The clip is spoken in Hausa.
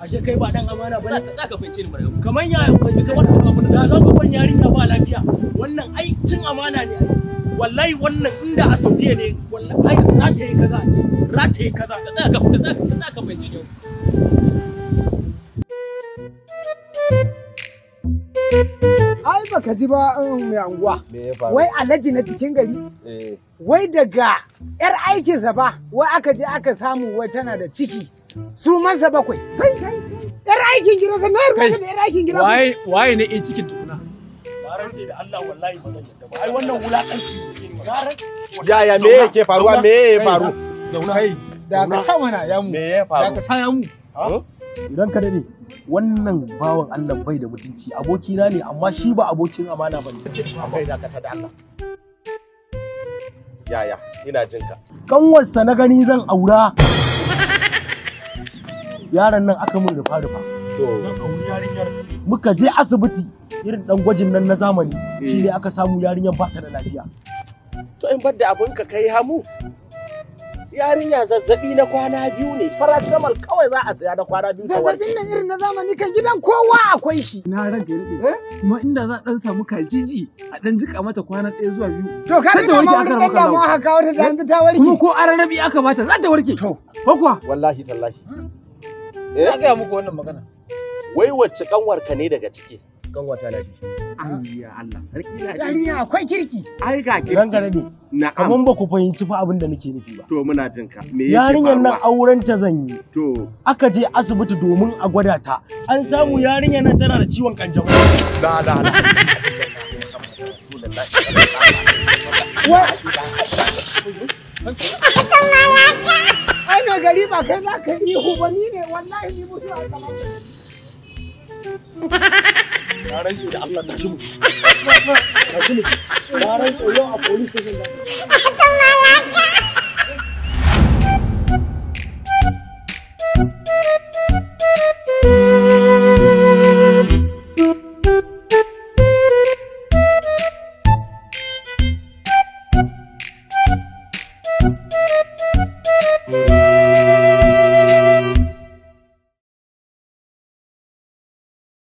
ashe kai ba dan amana ba ne. za ka fahimce ni barkamu kamar ya fahimce wata kuma da zan babban yarinya ba lafiya wannan ai cin amana ne wallahi wannan inda a saudiya ne wallahi za ta yi kaza za ta yi kaza ka tsaka ka ka ni ai baka ji ba um, mai anguwa wai alhaji na cikin gari eh. wai daga yar aikinsa ba wai aka je aka samu wai tana da ciki su mansa bakwai yar aikin da yar aikin gidansa waye ne in cikin tukuna da Allah wallahi ba zan yadda ba ai wannan wulakanci cikin garanti yaya me yake faruwa me faru zauna kai da ka ta mana ya mu me ya faru da ka ta ya mu idan ka dade wannan bawan Allah bai da mutunci abokina ne amma shi ba abokin amana bane da ka ta da Allah yaya ina jinka kanwarsa na gani zan aura yaron nan aka mun rufa rufa muka je asibiti irin dan gwajin nan na zamani shi eh. ne aka samu yarinyar ba ta da lafiya to in bar da abin ka kai hamu yarinya zazzabi na kwana biyu ne paracetamol kawai za a saya na kwana biyu zazzabi nan irin na zamani kan gidan kowa akwai shi na rage rage eh? kuma inda za dan samu kajiji a dan jika mata kwana ɗaya zuwa biyu to ka ga ma ɗan dan damuwa haka wata da eh? yanzu ta warke kuma ko ararabi aka bata za ta warke to ko kuwa wallahi tallahi Eh? Na gaya muku wannan magana. Wai wacce kanwarka ne daga ciki? Kanwata na biyu. Ayya Allah sarki na Yarinya akwai kirki. Ai ga kirki. Na'am. Kaman ba ku fahimci fa abin da nake nufi ba. To muna jin ka. Me yake Yarinyar nan auren ta zan yi. To. Aka je asibiti domin a gwada ta. An samu yarinyar nan tana da ciwon kanjamau. Da da da. Wa. gari ba kai za ka yi hubani ne wallahi ni mutu a kamar na rantse da Allah tashi mu tashi mu na rantse yau a police station